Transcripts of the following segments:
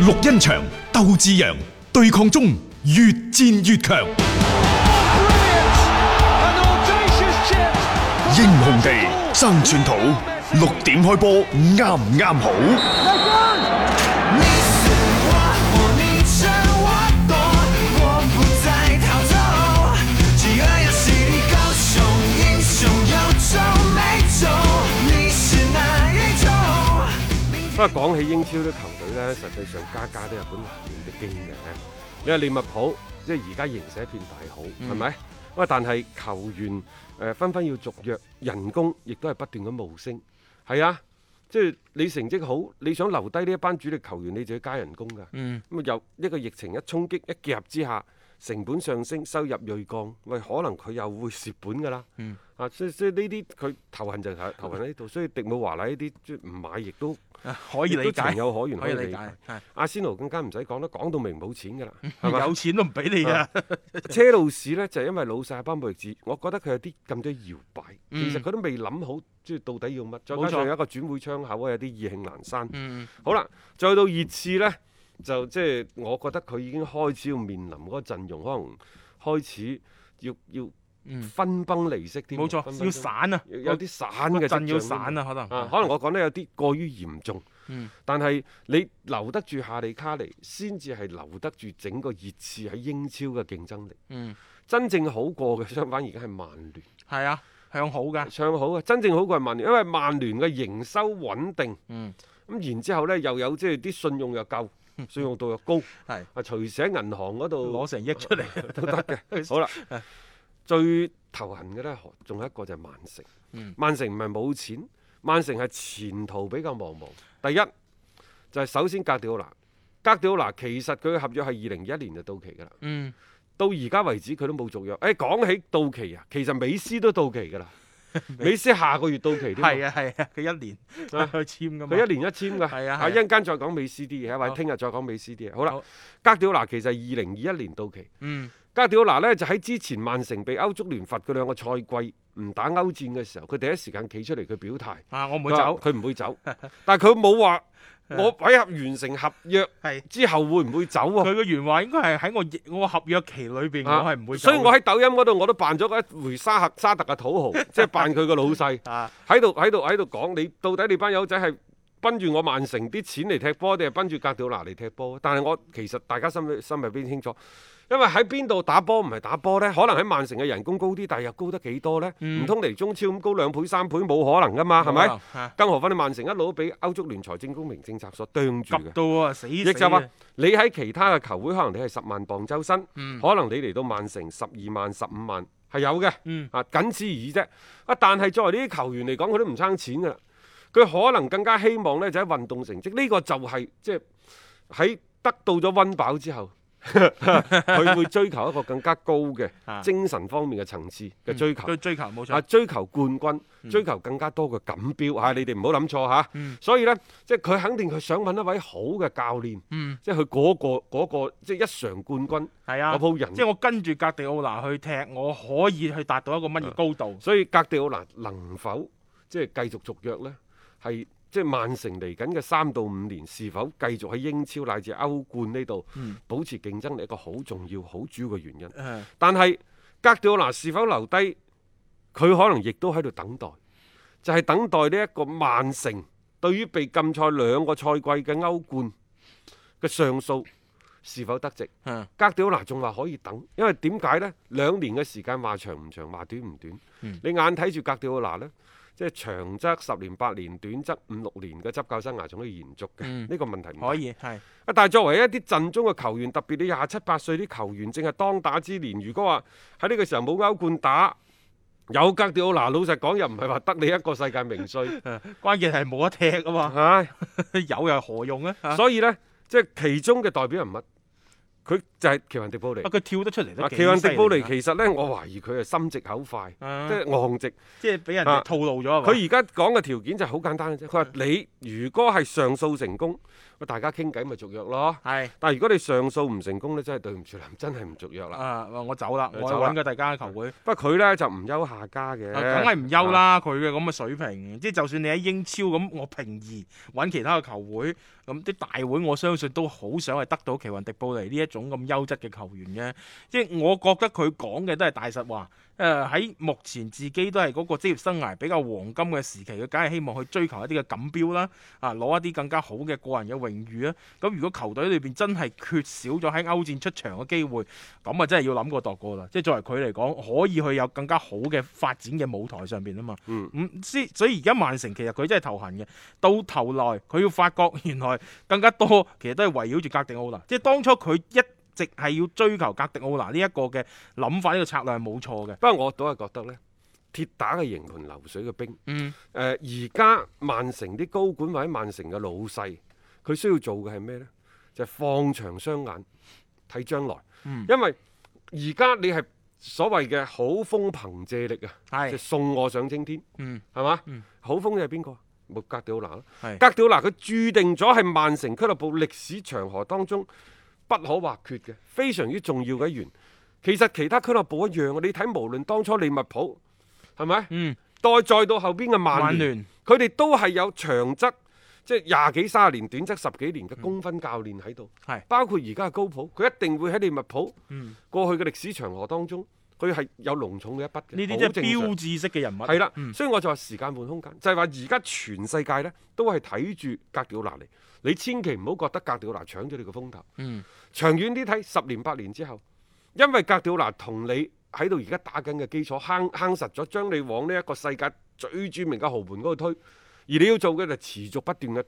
綠茵場，鬥志揚，對抗中越戰越強。英雄地，生存土，六點開波，啱唔啱好？不過講起英超咧，實際上家家都有本難念的經嘅。你話利物浦，即係而家形勢一片大好，係咪、嗯？喂，但係球員誒、呃、紛紛要續約，人工亦都係不斷咁冒升。係啊，即、就、係、是、你成績好，你想留低呢一班主力球員，你就要加人工㗎。嗯。咁啊，由一個疫情一衝擊一合之下。成本上升，收入銳降，喂，可能佢又會蝕本噶啦。啊，所以所以呢啲佢頭痕就係頭痕喺呢度，所以迪姆華拉呢啲唔買亦都可以理解，情有可原。可以理解。阿仙奴更加唔使講啦，講到明冇錢噶啦，係有錢都唔俾你啊！車路士呢，就因為老細阿班布子，我覺得佢有啲咁多搖擺，其實佢都未諗好，即係到底要乜？再加上有一個轉會窗口，有啲意興闌珊。好啦，再到熱刺呢。就即係我覺得佢已經開始要面臨嗰個陣容，可能開始要要分崩離析啲。冇錯，要散啊！有啲散嘅陣要散啊，可能。可能我講得有啲過於嚴重。但係你留得住夏利卡尼，先至係留得住整個熱刺喺英超嘅競爭力。真正好過嘅相反而家係曼聯。係啊，向好㗎。向好啊！真正好過係曼聯，因為曼聯嘅營收穩定。咁然之後呢，又有即係啲信用又夠。信用度又高，啊是，隨時喺銀行嗰度攞成億出嚟都得嘅。好啦，是最頭痕嘅咧，仲有一個就係曼城。曼城唔係冇錢，曼城係前途比較茫茫。第一就係、是、首先格迪奧拿，格迪奧拿其實佢嘅合約係二零一一年就到期㗎啦。嗯，到而家為止佢都冇續約。誒、哎，講起到期啊，其實美斯都到期㗎啦。 美斯下個月到期添，係啊係啊，佢、啊、一年去簽噶，佢 一年一簽噶，係 啊，啊。一陣間再講美斯啲嘢。好或者聽日再講美斯啲嘢。好啦，好，格迪奧拿其實係二零二一年到期，嗯，格迪奧拿咧就喺之前曼城被歐足聯罰佢兩個賽季唔打歐戰嘅時候，佢第一時間企出嚟佢表態，啊我唔會走，佢唔會走， 但係佢冇話。我締合完成合約之後會唔會走喎、啊？佢嘅原話應該係喺我我合約期裏邊，我係唔會走。所以我喺抖音嗰度我都扮咗一回沙克沙特嘅土豪，即係 扮佢個老細，喺度喺度喺度講你到底你班友仔係，奔住我曼城啲錢嚟踢波，定係奔住格調拿嚟踢波？但係我其實大家心裏心裏邊清楚，因為喺邊度打波唔係打波呢？可能喺曼城嘅人工高啲，但係又高得幾多呢？唔通嚟中超咁高兩倍三倍？冇可能噶嘛，係咪？更何況你曼城一路俾歐足聯財政公平政策所釘住到啊死，死啊！亦就話你喺其他嘅球會，可能你係十萬磅周薪，嗯、可能你嚟到曼城十二萬十五萬係有嘅。嗯、啊，僅此而已啫。但係作為呢啲球員嚟講，佢都唔差錢噶啦。佢可能更加希望咧，就喺、是、運動成績呢、呢個就係即係喺得到咗溫飽之後，佢 會追求一個更加高嘅精神方面嘅層次嘅、 嗯、追求。嗯、追求冇錯啊！追求冠軍，追求更加多嘅錦標嚇、嗯啊！你哋唔好諗錯嚇。啊嗯、所以咧，即係佢肯定佢想揾一位好嘅教練，即係佢嗰個嗰、嗰個即係、即係、一常冠軍阿普仁。嗯啊、即係我跟住格地奧拿去踢，我可以去達到一個乜嘢高度？啊、所以格地奧拿能否即係繼續續約咧？係即係曼城嚟緊嘅三到五年，是否繼續喺英超乃至歐冠呢度保持競爭力，係一個好重要、好主要嘅原因。但係哥迪奧拿是否留低，佢可能亦都喺度等待，就係等待呢一個曼城對於被禁賽兩個賽季嘅歐冠嘅上訴是否得值。哥迪奧拿仲話可以等，因為點解呢？兩年嘅時間話長唔長，話短唔短？你眼睇住哥迪奧拿呢？即係長則十年八年，短則五六年嘅執教生涯仲可以延續嘅。呢、嗯、個問題唔可以係啊，但係作為一啲陣中嘅球員，特別你廿七八歲啲球員正係當打之年，如果話喺呢個時候冇歐冠打，有格調。嗱，老實講又唔係話得你一個世界名帥， 關鍵係冇得踢啊嘛。哎、 有又係何用啊？哎、所以呢，即係其中嘅代表人物。佢就係奇雲迪布尼，啊佢跳得出嚟都幾犀利。奇雲迪布尼其實咧，我懷疑佢係心直口快，即係昂直，即係俾人哋套路咗。佢而家講嘅條件就係好簡單嘅啫。佢話你如果係上訴成功，喂大家傾偈咪續約咯。係，但係如果你上訴唔成功咧，真係對唔住啦，真係唔續約啦。我走啦，我揾大家嘅球會。不過佢咧就唔憂下家嘅，梗係唔憂啦。佢嘅咁嘅水平，即係就算你喺英超咁，我平移揾其他嘅球會，咁啲大會我相信都好想係得到奇雲迪布尼呢一。種咁優質嘅球員咧，即係我覺得佢講嘅都係大實話。誒喺、呃、目前自己都係嗰個職業生涯比較黃金嘅時期，佢梗係希望去追求一啲嘅錦標啦，啊攞一啲更加好嘅個人嘅榮譽啊！咁如果球隊裏邊真係缺少咗喺歐戰出場嘅機會，咁啊真係要諗過度過啦！即係作為佢嚟講，可以去有更加好嘅發展嘅舞台上邊啊嘛。嗯，咁所以而家曼城其實佢真係頭痕嘅，到頭來佢要發覺原來更加多其實都係圍繞住哥迪奧啦。即係當初佢一直係要追求格迪奧拿呢一個嘅諗法，呢、呢個策略係冇錯嘅。不過我都係覺得呢，鐵打嘅營盤流水嘅兵。嗯。而家、呃、曼城啲高管或者曼城嘅老細，佢需要做嘅係咩呢？就係、放長雙眼睇將來。嗯、因為而家你係所謂嘅好風憑借力啊，是就送我上青天。嗯。係嘛吧？嗯、好風就係邊個？穆格迪奧拿咯。格迪奧拿佢注定咗係曼城俱樂部歷史長河當中。不可或缺嘅非常之重要嘅一員。Okay. 其實其他俱樂部一樣，你睇無論當初利物浦係咪？是是嗯，代再到後邊嘅曼聯，佢哋年都係有長則，即係廿幾卅年，短則十幾年嘅功勳教練喺度，係、嗯、包括而家嘅高普，佢一定會喺利物浦、嗯、過去嘅歷史長河當中。佢係有濃重嘅一筆嘅，呢啲即係標誌式嘅人物。係啦，所以我就話時間換空間，就係話而家全世界咧都係睇住哥迪奧拿嚟。你千祈唔好覺得哥迪奧拿搶咗你個風頭。嗯長遠，長遠啲睇十年八年之後，因為哥迪奧拿同你喺度而家打緊嘅基礎鏗鏗實咗，將你往呢一個世界最著名嘅豪門嗰度推。而你要做嘅就持續不斷嘅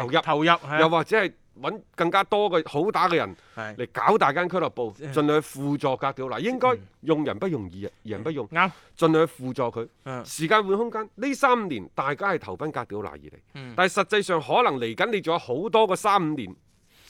投入，投入，又或者係。搵更加多嘅好打嘅人嚟是搞大間俱樂部，盡量是去輔助哥迪奧拿，應該用人不容易，人不用，盡量、嗯、去輔助佢。是時間換空間，呢三年大家係投奔哥迪奧拿而嚟，嗯、但係實際上可能嚟緊你仲有好多個三五年、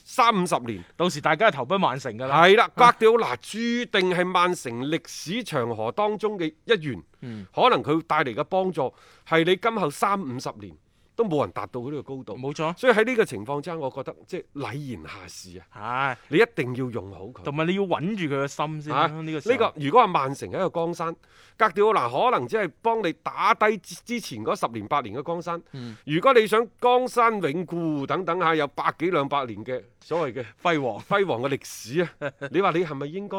三五十年，到時大家係投奔曼城㗎啦。係啦，哥迪奧拿注定係曼城歷史長河當中嘅一員。嗯嗯、可能佢帶嚟嘅幫助係你今後三五十年。都冇人達到佢呢個高度，冇錯。所以喺呢個情況之下，我覺得即係禮賢下士啊！係，你一定要用好佢，同埋你要穩住佢嘅心先啦。呢個如果話曼城係一個江山，哥迪奧拿可能只係幫你打低之前十年八年嘅江山。如果你想江山永固，等等下，有百幾兩百年嘅所謂嘅輝煌輝煌嘅歷史啊！你話你係咪應該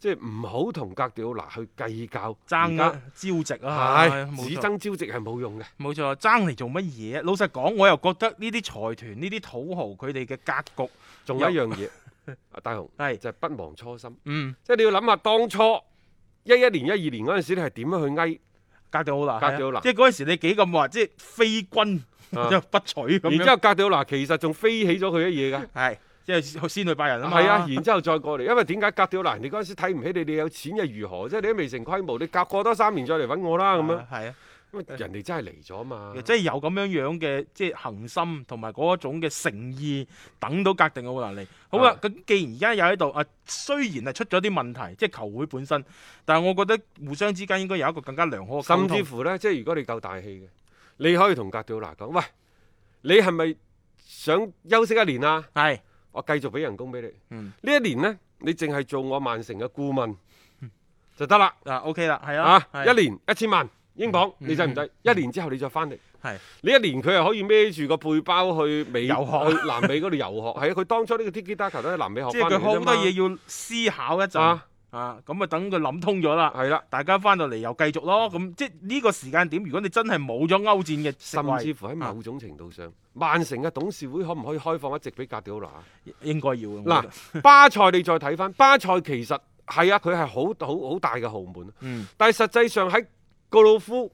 即係唔好同哥迪奧拿去計較爭啊，朝夕啊？係，只爭朝夕係冇用嘅。冇錯，爭嚟做乜嘢？老實講，我又覺得呢啲財團、呢啲土豪佢哋嘅格局，仲有一樣嘢，阿大雄係就係不忘初心。嗯，即係你要諗下當初一一年、一二年嗰陣時，你係點樣去翳哥迪奧拿，哥迪奧拿。即係嗰陣時你幾咁話，即係非君不娶咁樣。然之後哥迪奧拿，其實仲飛起咗佢啲嘢噶。係，即係先去拜人啦。係啊，然之後再過嚟，因為點解哥迪奧拿，你嗰陣時睇唔起你，你有錢又如何？即係你都未成規模，你隔過多三年再嚟搵我啦咁樣。係啊。人哋真係嚟咗嘛，即係英文有咁樣樣嘅即係恆心同埋嗰種嘅誠意，等到哥迪奧拿嚟。好啦，咁既然而家又喺度，啊，雖然係出咗啲問題，即係球會本身，但係我覺得互相之間應該有一個更加良好嘅溝通。甚至乎咧，即係如果你夠大氣嘅，你可以同哥迪奧拿講：喂，你係咪想休息一年啊？係是，我繼續俾人工俾你。嗯，呢一年呢，你淨係做我曼城嘅顧問英文就得啦。啊，OK 啦，係啊，okay、一年一千萬。英鎊你制唔制？一年之後你再翻嚟，係你一年佢又可以孭住個背包去美去南美嗰度遊學，係啊！佢當初呢個 Tiki Taka 都喺南美學翻嚟啫嘛。即係佢好多嘢要思考一陣啊，咁啊等佢諗通咗啦。係啦，大家翻到嚟又繼續咯。咁即係呢個時間點，如果你真係冇咗歐戰嘅，甚至乎喺某種程度上，曼城嘅董事會可唔可以開放一席俾格迪奧拿？應該要。嗱，巴塞你再睇翻，巴塞其實係啊，佢係好好好大嘅豪門。但係實際上喺高路夫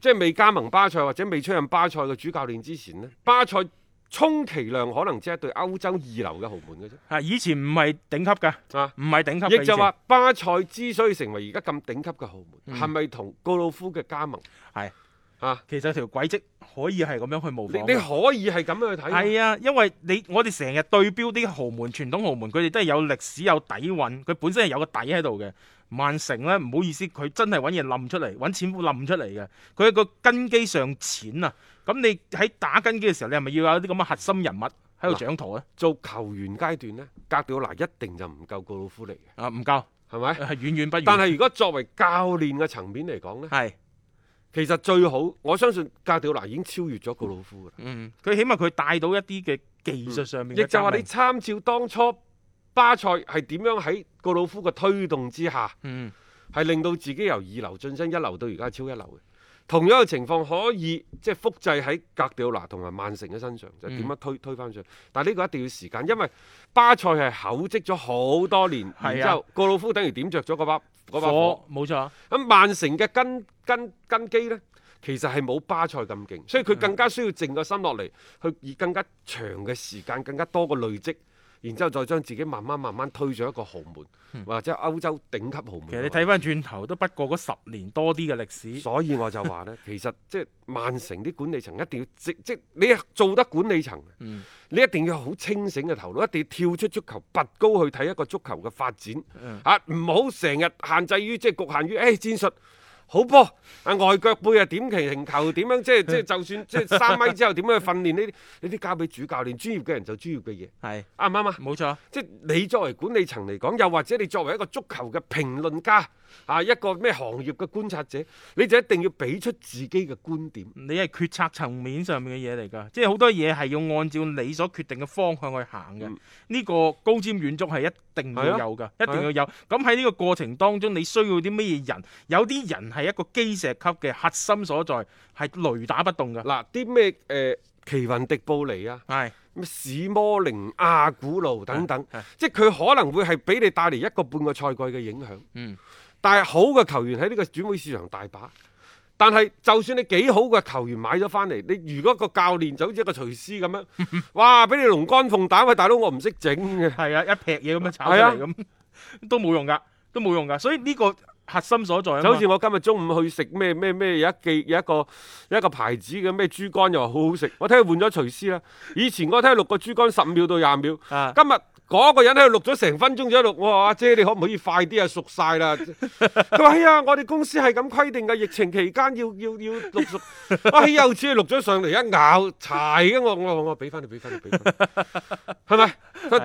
即係未加盟巴塞或者未出任巴塞嘅主教練之前呢，巴塞充其量可能只係對歐洲二流嘅豪門嘅啫。以前唔係頂級嘅，唔係、啊、頂級。亦就話巴塞之所以成為而家咁頂級嘅豪門，係咪同高路夫嘅加盟係、嗯、係啊？其實條軌跡可以係咁樣去模仿你，你可以係咁樣去睇。係啊，因為你我哋成日對標啲豪門傳統豪門，佢哋都係有歷史有底蘊，佢本身係有個底喺度嘅。曼城咧唔好意思，佢真係揾嘢冧出嚟，揾錢冧出嚟嘅。佢一個根基上淺啊，咁你喺打根基嘅時候，你係咪要有啲咁嘅核心人物喺度掌舵咧？做球員階段咧，哥迪奧拿一定就唔夠告魯夫嚟嘅。啊，唔夠，係咪？係遠遠不如，但係如果作為教練嘅層面嚟講咧，係是其實最好，我相信哥迪奧拿已經超越咗告魯夫嘅、嗯。嗯，佢、嗯、起碼佢帶到一啲嘅技術上面。亦、嗯、就話你參照當初。巴塞係點樣喺哥魯夫嘅推動之下，係、嗯、令到自己由二流晉身一流到而家超一流嘅。同樣嘅情況可以即係、就是、複製喺哥迪奧拿同埋曼城嘅身上，就點、是、樣推、嗯、推返上去？但係呢個一定要時間，因為巴塞係厚積咗好多年，嗯、然之後哥、啊、魯夫等如點着咗嗰把嗰把火，冇錯。咁曼城嘅根根根基呢，其實係冇巴塞咁勁，所以佢更加需要靜個心落嚟，去以更加長嘅時間，更加多嘅累積。然之後再將自己慢慢慢慢推上一個豪門，嗯、或者歐洲頂級豪門。其實你睇翻轉頭都不過嗰十年多啲嘅歷史。所以我就話呢， 其實即係曼城啲管理層一定要即，即你做得管理層，嗯、你一定要好清醒嘅頭腦，一定要跳出足球拔高去睇一個足球嘅發展。嚇唔好成日限制於即係局限於誒、哎、戰術。好波！啊，外腳背啊，點停球，點樣 即係即係，就算即係三米之後點樣去訓練呢啲？呢啲交俾主教練專業嘅人就專業嘅嘢。係啱唔啱啊？冇錯，即係你作為管理層嚟講，又或者你作為一個足球嘅評論家啊！一個咩行業嘅觀察者，你就一定要俾出自己嘅觀點。你係決策層面上面嘅嘢嚟㗎，即係好多嘢係要按照你所決定嘅方向去行嘅。呢、嗯、個高瞻遠矚係一定要有㗎，啊、一定要有。咁喺呢個過程當中，你需要啲咩嘢人？有啲人係一個基石級嘅核心所在，係雷打不動㗎。嗱，啲咩誒奇雲迪布尼啊，係是史摩寧、阿古魯等等，即係佢可能會係俾你帶嚟一個半個賽季嘅影響。嗯。但係好嘅球員喺呢個轉會市場大把，但係就算你幾好嘅球員買咗翻嚟，你如果個教練就好似一個廚師咁樣， 哇，俾你龍肝鳳膽，喂、哎、大佬我唔識整嘅，係啊，一劈嘢咁樣炒出嚟咁是、啊，都冇用噶，都冇用噶，所以呢、呢個。核心所在，就好似我今日中午去食咩咩咩，有一記有一個有一個牌子嘅咩豬肝，又話好好食，我聽佢換咗廚師啦。以前我聽佢錄個豬肝十五秒到廿秒，啊、今日嗰、嗰個人喺度錄咗成分鐘先喺度。我話阿姐，你可唔可以快啲啊熟晒啦？佢話 哎呀，我哋公司係咁規定嘅，疫情期間要要要錄熟。啊又似佢錄咗上嚟一咬柴嘅我，我我俾翻你俾翻你俾翻，係咪？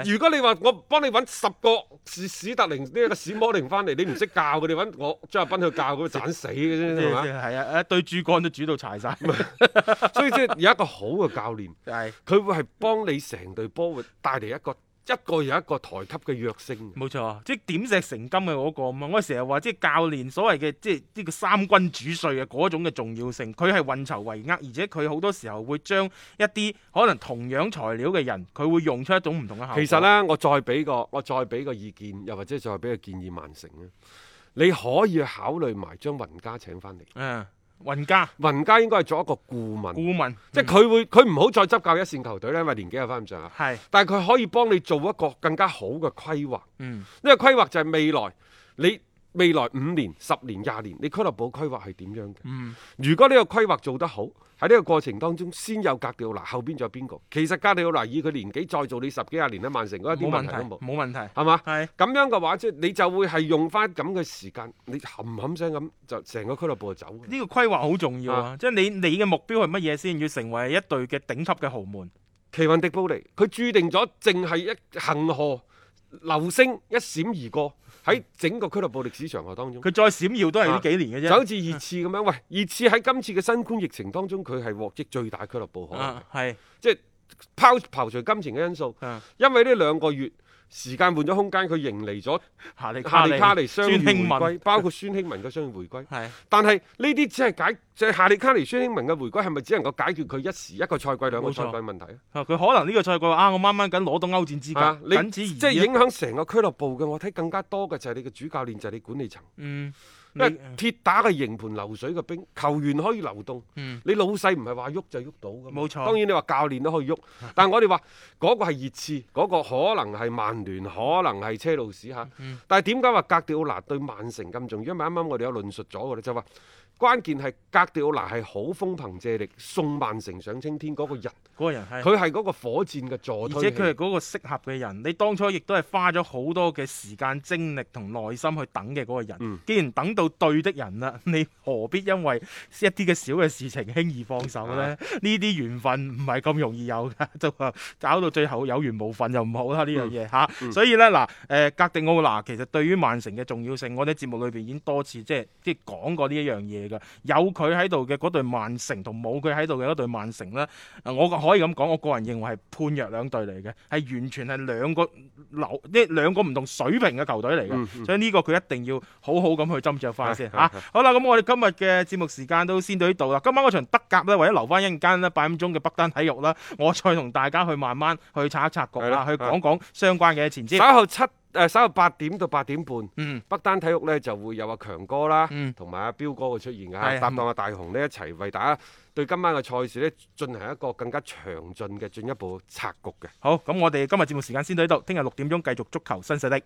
如果你話我幫你揾十個史史特靈呢個史魔靈翻嚟，你唔識教佢，你揾我張達斌去教佢，樣斬死嘅啫，係嘛是？係啊，誒對住豬肝都煮到柴曬， 所以即係有一個好嘅教練，佢會係幫你成隊波會帶嚟一個。一個有一個台級嘅弱性，冇錯，即係點石成金嘅嗰個嘛。我成日話即係教練所謂嘅即係呢個三軍主帥嘅嗰種嘅重要性，佢係運籌帷幄，而且佢好多時候會將一啲可能同樣材料嘅人，佢會用出一種唔同嘅效果。其實咧，我再俾個我再俾個意見，又或者再俾個建議，曼城咧，你可以考慮埋將雲加請翻嚟。嗯雲家，雲嘉應該係做一個顧問，顧問，嗯，即係佢會佢唔好再執教一線球隊咧，因為年紀又翻唔上啦。係是，但係佢可以幫你做一個更加好嘅規劃。嗯，呢個規劃就係未來你，未來五年、十年、廿年，你俱樂部規劃係點樣嘅？嗯，如果呢個規劃做得好，喺呢個過程當中先有哥迪奧拿，後邊仲有邊個？其實哥迪奧拿，以佢年紀再做你十幾廿年咧，曼城嗰一啲問題都冇，冇問題，係嘛？係咁吧是樣嘅話，即係你就會係用翻咁嘅時間，你冚冚聲咁就成個俱樂部就走。呢個規劃好重要啊！啊即係你你嘅目標係乜嘢先？要成為一隊嘅頂級嘅豪門。奇雲迪布尼，佢註定咗淨係一恆河。流星一閃而過，喺整個俱樂部歷史長河當中，佢再閃耀都係呢幾年嘅啫、啊，就好似熱刺咁樣。啊、喂，熱刺喺今次嘅新冠疫情當中，佢係獲益最大俱樂部嚟嘅，係、啊、即係拋刨除金錢嘅因素，啊、因為呢兩個月時間換咗空間，佢迎嚟咗夏利卡利傷癒回歸，包括孫興文嘅傷癒回歸，啊、但係呢啲只係解。即係夏利卡尼、孫興文嘅回歸係咪只能夠解決佢一時一個賽季、兩個賽季問題啊？佢可能呢個賽季啊，我掹掹緊攞到歐戰資格、啊。你即係影響成個俱樂部嘅，我睇更加多嘅就係你嘅主教練，就係、是、你管理層。嗯，因為鐵打嘅營盤流水嘅兵，球員可以流動。嗯、你老細唔係話喐就喐到嘅，冇錯。嗯、當然你話教練都可以喐，啊、但係我哋話嗰個係熱刺，嗰、那個可能係曼聯，可能係車路士吓。啊嗯、但係點解話格迪奧拿對曼城咁重要？因為啱啱我哋有論述咗嘅咧，就話。關鍵係格迪奧拿係好風憑借力送曼城上青天嗰個人，嗰個人係佢係嗰個火箭嘅助推，而且佢係嗰個適合嘅人。你當初亦都係花咗好多嘅時間、精力同耐心去等嘅嗰個人。嗯、既然等到對的人啦，你何必因為一啲嘅小嘅事情輕易放手呢？呢啲、啊、緣分唔係咁容易有㗎，就話搞到最後有緣無份就唔好啦，呢樣嘢嚇。所以呢，嗱，誒格迪奧拿其實對於曼城嘅重要性，我哋節目裏邊已經多次即係即係講過呢一樣嘢。有佢喺度嘅嗰隊曼城同冇佢喺度嘅嗰隊曼城咧，我可以咁講，我個人認為係判若兩隊嚟嘅，係完全係兩個流，即兩個唔同水平嘅球隊嚟嘅，所以呢個佢一定要好好咁去斟酌翻先吓。好啦，咁我哋今日嘅節目時間都先到呢度啦。今晚嗰場德甲呢，或者留翻一陣間咧八點鐘嘅北單體育啦，我再同大家去慢慢去拆一拆局啦，去講講相關嘅前瞻。誒，稍後八點到八點半，嗯、北單體育咧就會有阿、啊、強哥啦，同埋阿彪哥嘅出現嘅，搭檔阿大雄呢一齊為大家對今晚嘅賽事咧進行一個更加詳盡嘅進一步拆局嘅。好，咁我哋今日節目時間先到呢度，聽日六點鐘繼續足球新勢力。